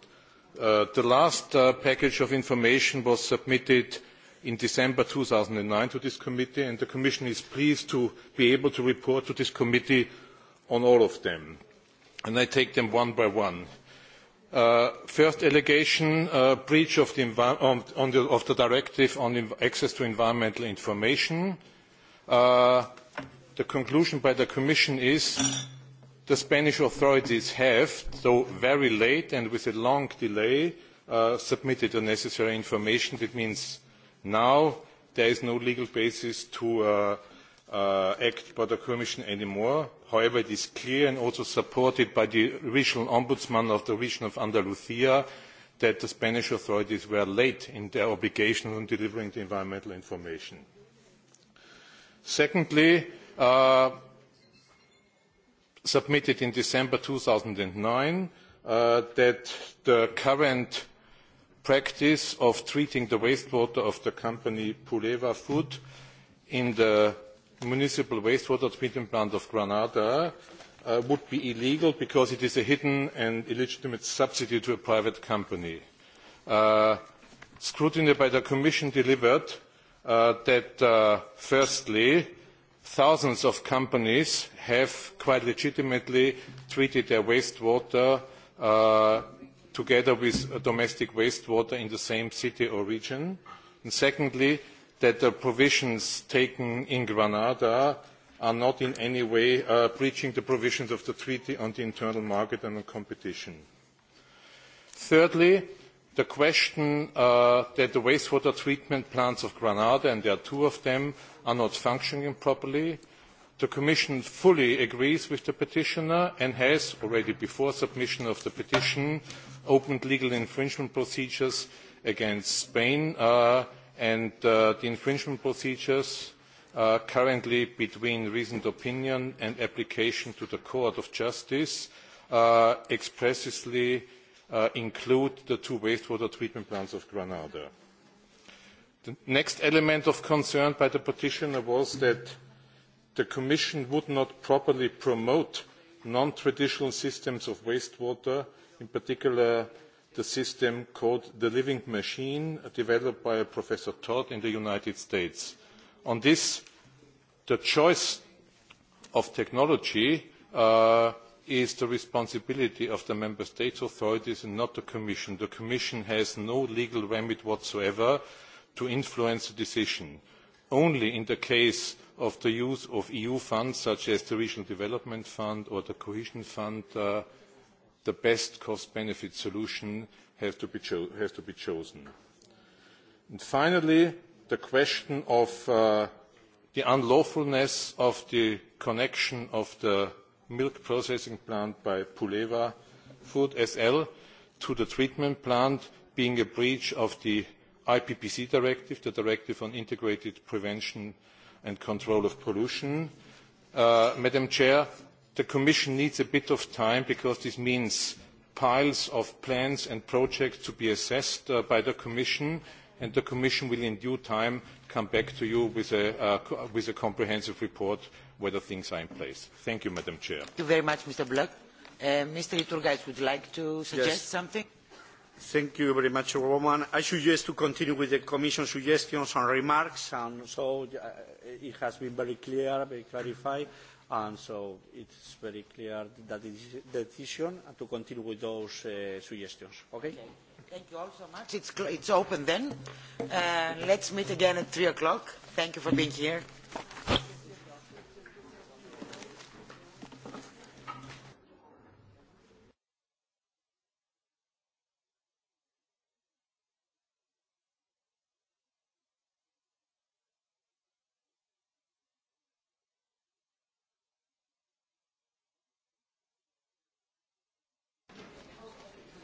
the last package of information was submitted in december two thousand and nine to this committee and the commission is pleased to be able to report to this committee on all of them. i take them one by one. first allegation breach of the directive on access to environmental information. the conclusion by the commission is the Spanish authorities have, though very late and with a long delay, submitted the necessary information. That means now there is no legal basis to act by the Commission anymore. However, it is clear and also supported by the regional ombudsman of the region of Andalusia that the Spanish authorities were late in their obligation on delivering the environmental information. Secondly, submitted in December two thousand nine that the current practice of treating the wastewater of the company Puleva Food in the municipal wastewater treatment plant of Granada would be illegal because it is a hidden and illegitimate subsidy to a private company. scrutiny by the Commission delivered that firstly, thousands of companies have quite legitimately treated their wastewater together with domestic wastewater in the same city or region. And secondly, that the provisions taken in Granada are not in any way breaching the provisions of the Treaty on the Internal Market and on Competition. Thirdly, the question that the wastewater treatment plants of Granada, and there are two of them, are not functioning properly. The Commission fully agrees with the petitioner and has, already before submission of the petition, opened legal infringement procedures against Spain and the infringement procedures currently between reasoned opinion and application to the Court of Justice expressly include the two wastewater treatment plants of Granada. The next element of concern by the petitioner was that the Commission would not properly promote non-traditional systems of wastewater, in particular the system called the Living Machine, developed by Professor Todd in the United States. On this, the choice of technology is the responsibility of the member states' authorities and not the commission. the commission has no legal remit whatsoever to influence the decision. only in the case of the use of eu funds such as the regional development fund or the cohesion fund the best cost benefit solution has to be chosen. finally the question of the unlawfulness of the connection of the milk processing plant by Puleva Food SL to the treatment plant being a breach of the IPPC directive, the Directive on Integrated Prevention and Control of Pollution. Madam Chair, the Commission needs a bit of time because this means piles of plans and projects to be assessed by the Commission, and the Commission will in due time come back to you with a, comprehensive report whether things are in place. Thank you, Madam Chair. Thank you very much, Mr. Bloch. Mr. Iturgaiz would you like to suggest yes. something. Thank you very much, Roman. I suggest to continue with the Commission suggestions and remarks, and so uh, it has been very clear, very clarified, and so it's very clear that it is the decision to continue with those uh, suggestions. Okay? okay. Thank you all so much. It's, it's open then. Uh, let's meet again at 3 o'clock. Thank you for being here.